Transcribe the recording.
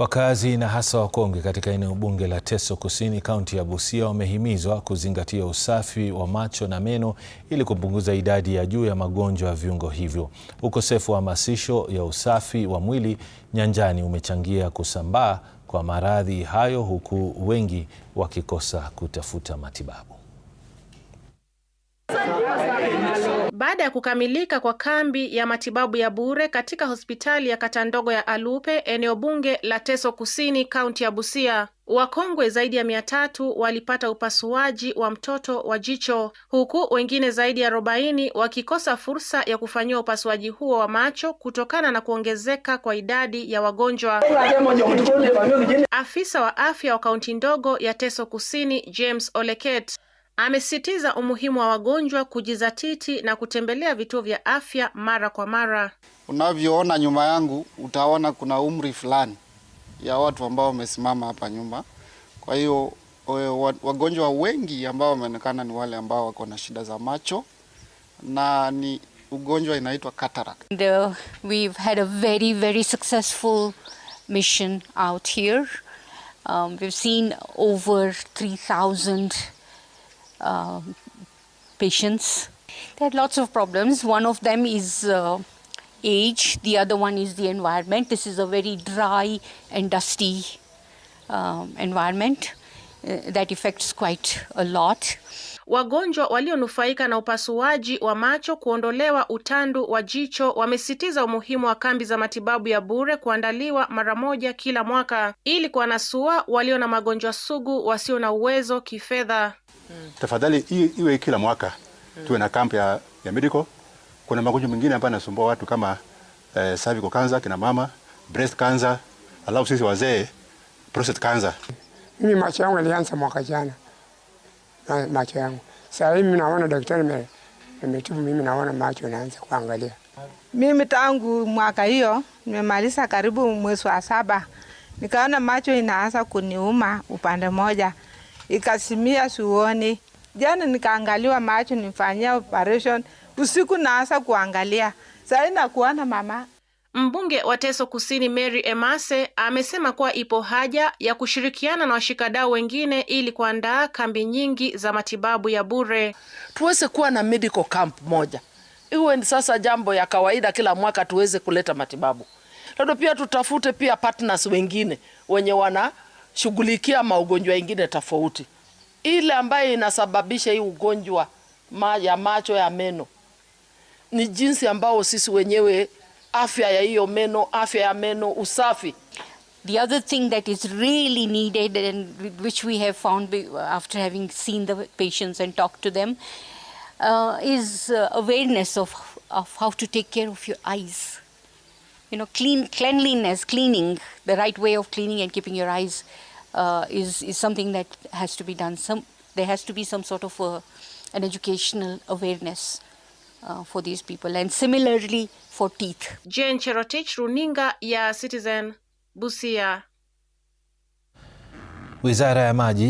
Wakazi na hasa wakongwe katika eneo bunge la Teso Kusini, kaunti ya Busia wamehimizwa kuzingatia usafi wa macho na meno ili kupunguza idadi ya juu ya magonjwa ya viungo hivyo. Ukosefu wa hamasisho ya usafi wa mwili nyanjani umechangia kusambaa kwa maradhi hayo huku wengi wakikosa kutafuta matibabu. Baada ya kukamilika kwa kambi ya matibabu ya bure katika hospitali ya kata ndogo ya Alupe, eneo bunge la Teso Kusini, kaunti ya Busia, wakongwe zaidi ya mia tatu walipata upasuaji wa mtoto wa jicho, huku wengine zaidi ya arobaini wakikosa fursa ya kufanyiwa upasuaji huo wa macho kutokana na kuongezeka kwa idadi ya wagonjwa. Afisa wa afya wa kaunti ndogo ya Teso Kusini, James Oleket Amesisitiza umuhimu wa wagonjwa kujizatiti na kutembelea vituo vya afya mara kwa mara. Unavyoona nyuma yangu, utaona kuna umri fulani ya watu ambao wamesimama hapa nyuma. Kwa hiyo wagonjwa wengi ambao wameonekana ni wale ambao wako na shida za macho na ni ugonjwa inaitwa cataract. Uh, we've had a very very successful mission out here. Um, we've seen over 3000 Um, patients. They had lots of problems. One of them is uh, age, the other one is the environment. This is a very dry and dusty um, environment uh, that affects quite a lot. Wagonjwa walionufaika na upasuaji wa macho kuondolewa utandu wa jicho wamesisitiza umuhimu wa kambi za matibabu ya bure kuandaliwa mara moja kila mwaka ili kuwanasua walio na magonjwa sugu wasio na uwezo kifedha mm. Tafadhali iwe kila mwaka mm. tuwe na kampu ya, ya medical. Kuna magonjwa mengine ambayo yanasumbua watu kama eh, cervical cancer, kina mama breast cancer, alafu sisi wazee prostate cancer. Mimi macho yangu yalianza mwaka jana na macho yangu sasa hivi naona daktari ametibu mimi, naona macho naanza kuangalia mimi tangu mwaka hiyo nimemaliza karibu mwezi wa saba, nikaona macho inaanza kuniuma upande moja ikasimia suoni. Jana nikaangaliwa macho, nifanyia operation usiku, naanza kuangalia sai na kuona mama. Mbunge wa Teso Kusini Mary Emase amesema kuwa ipo haja ya kushirikiana na washikadau wengine ili kuandaa kambi nyingi za matibabu ya bure. Tuweze kuwa na medical camp moja, iwe sasa jambo ya kawaida kila mwaka, tuweze kuleta matibabu. lado pia tutafute pia partners wengine wenye wana shughulikia maugonjwa ingine tofauti, ile ambayo inasababisha hii ugonjwa ma ya macho ya meno ni jinsi ambao sisi wenyewe afya ya hiyo meno, afya ya meno, usafi. The other thing that is really needed and which we have found uh, after having seen the patients and talked to them uh, is uh, awareness of, of how to take care of your eyes you know, clean cleanliness, cleaning, the right way of cleaning and keeping your eyes uh, is is something that has to be done. Some there has to be some sort of a, an educational awareness uh, for these people, and similarly for teeth. Jane Cherotich, runinga ya Citizen, Busia. Wizara ya maji